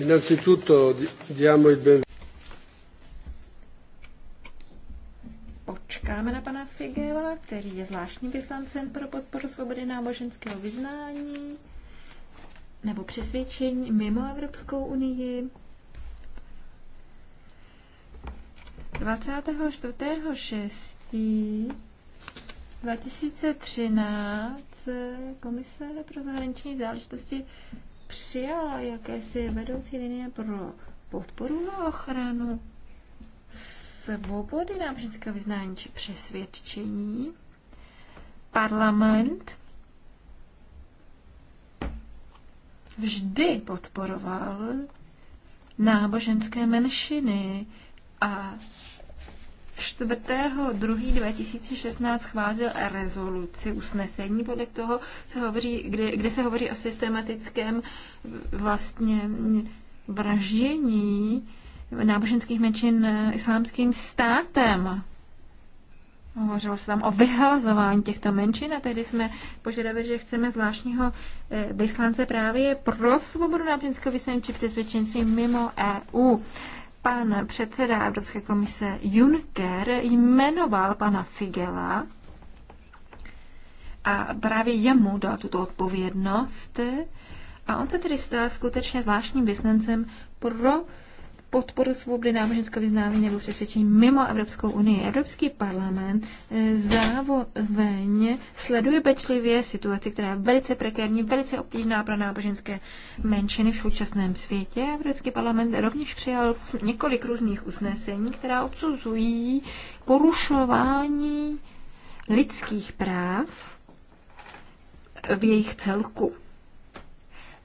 Innanzitutto diamo il benvenuto. Počkáme na pana Figela, který je zvláštním vyslancem pro podporu svobody náboženského vyznání nebo přesvědčení mimo Evropskou unii. 24.6.2013 2013 eh, Komise pro zahraniční záležitosti přijala jakési vedoucí linie pro podporu a ochranu svobody náboženského vyznání či přesvědčení. Parlament vždy podporoval náboženské menšiny a 4.2.2016 2. 2016 schválil rezoluci usnesení, podle toho se hovoří, kde, kde se hovoří o systematickém vlastně vraždění náboženských menšin islámským státem. Hovořilo se tam o vyhlazování těchto menšin a tehdy jsme požadovali, že chceme zvláštního eh, vyslance právě pro svobodu náboženského vyslání či přesvědčenství mimo EU pan předseda Evropské komise Juncker jmenoval pana Figela a právě jemu dal tuto odpovědnost. A on se tedy stal skutečně zvláštním vyslancem pro podporu svobody náboženského vyznání nebo přesvědčení mimo Evropskou unii. Evropský parlament eh, zároveň sleduje pečlivě situaci, která je velice prekérní, velice obtížná pro náboženské menšiny v současném světě. Evropský parlament rovněž přijal několik různých usnesení, která obsuzují porušování lidských práv v jejich celku.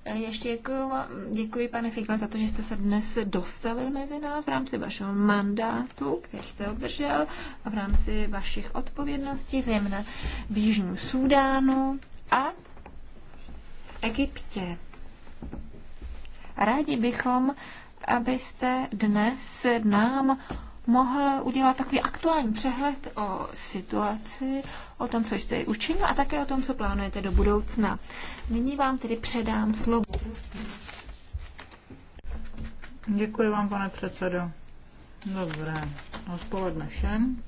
E, ještě děkuji, děkuji pane Fikle, za to, že jste se dnes dostavil mezi nás v rámci vašeho mandátu, který jste obdržel, a v rámci vašich odpovědností, zejména v Jižním Súdánu a v Egyptě. Rádi bychom, abyste dnes nám mohl udělat takový aktuální přehled o situaci, o tom, co jste učinil a také o tom, co plánujete do budoucna. Nyní vám tedy předám slovo. Děkuji vám, pane předsedo. Dobré odpoledne všem.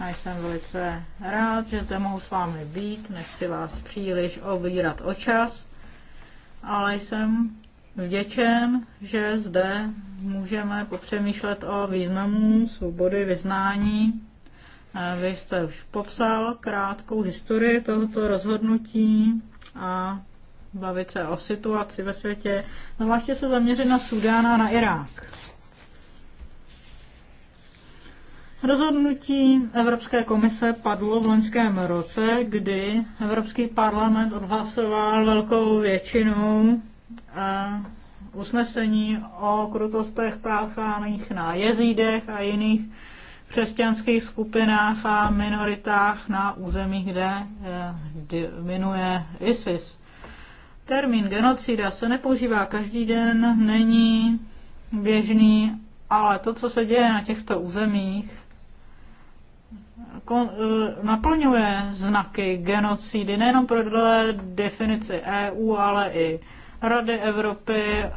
A jsem velice rád, že zde mohu s vámi být. Nechci vás příliš obírat o čas, ale jsem vděčen, že zde můžeme popřemýšlet o významu svobody vyznání. Vy jste už popsal krátkou historii tohoto rozhodnutí a bavit se o situaci ve světě, zvláště se zaměřit na Sudán a na Irák. Rozhodnutí Evropské komise padlo v loňském roce, kdy Evropský parlament odhlasoval velkou většinou usnesení o krutostech páchaných na jezídech a jiných křesťanských skupinách a minoritách na území, kde eh, minuje ISIS. Termín genocida se nepoužívá každý den, není běžný, ale to, co se děje na těchto územích, eh, naplňuje znaky genocidy nejenom podle definici EU, ale i Rady Evropy, eh,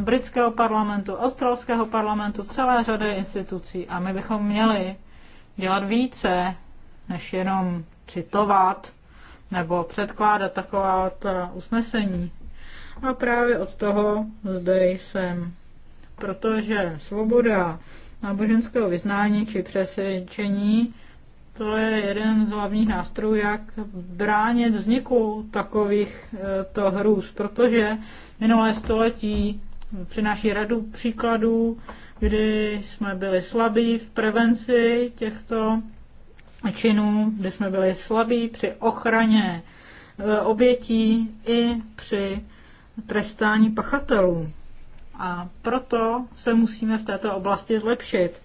britského parlamentu, australského parlamentu, celé řady institucí. A my bychom měli dělat více, než jenom citovat nebo předkládat taková ta usnesení. A právě od toho zde jsem. Protože svoboda náboženského vyznání či přesvědčení to je jeden z hlavních nástrojů, jak bránit vzniku takových e, to hrůz, protože minulé století přináší radu příkladů, kdy jsme byli slabí v prevenci těchto činů, kdy jsme byli slabí při ochraně e, obětí i při trestání pachatelů. A proto se musíme v této oblasti zlepšit.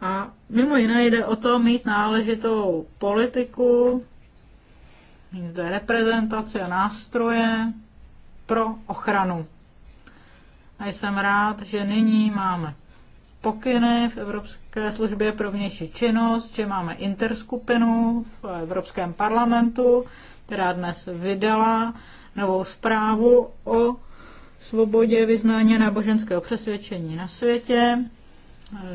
A mimo jiné jde o to mít náležitou politiku, mít zde reprezentaci a nástroje pro ochranu. A jsem rád, že nyní máme pokyny v Evropské službě pro vnější činnost, že máme interskupinu v Evropském parlamentu, která dnes vydala novou zprávu o svobodě vyznání náboženského přesvědčení na světě.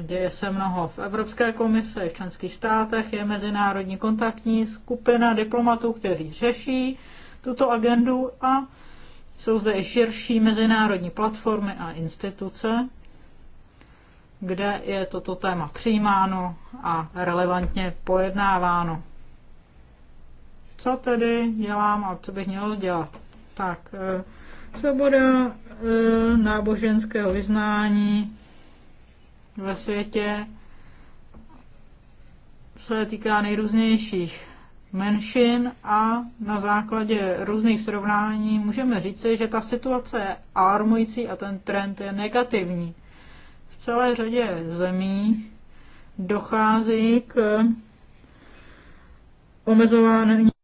Děje se mnoho v Evropské komisi, v členských státech, je mezinárodní kontaktní skupina diplomatů, kteří řeší tuto agendu a jsou zde i širší mezinárodní platformy a instituce, kde je toto téma přijímáno a relevantně pojednáváno. Co tedy dělám a co bych měl dělat? Tak, eh, svoboda eh, náboženského vyznání, ve světě se týká nejrůznějších menšin a na základě různých srovnání můžeme říci, že ta situace je alarmující a ten trend je negativní. V celé řadě zemí dochází k omezování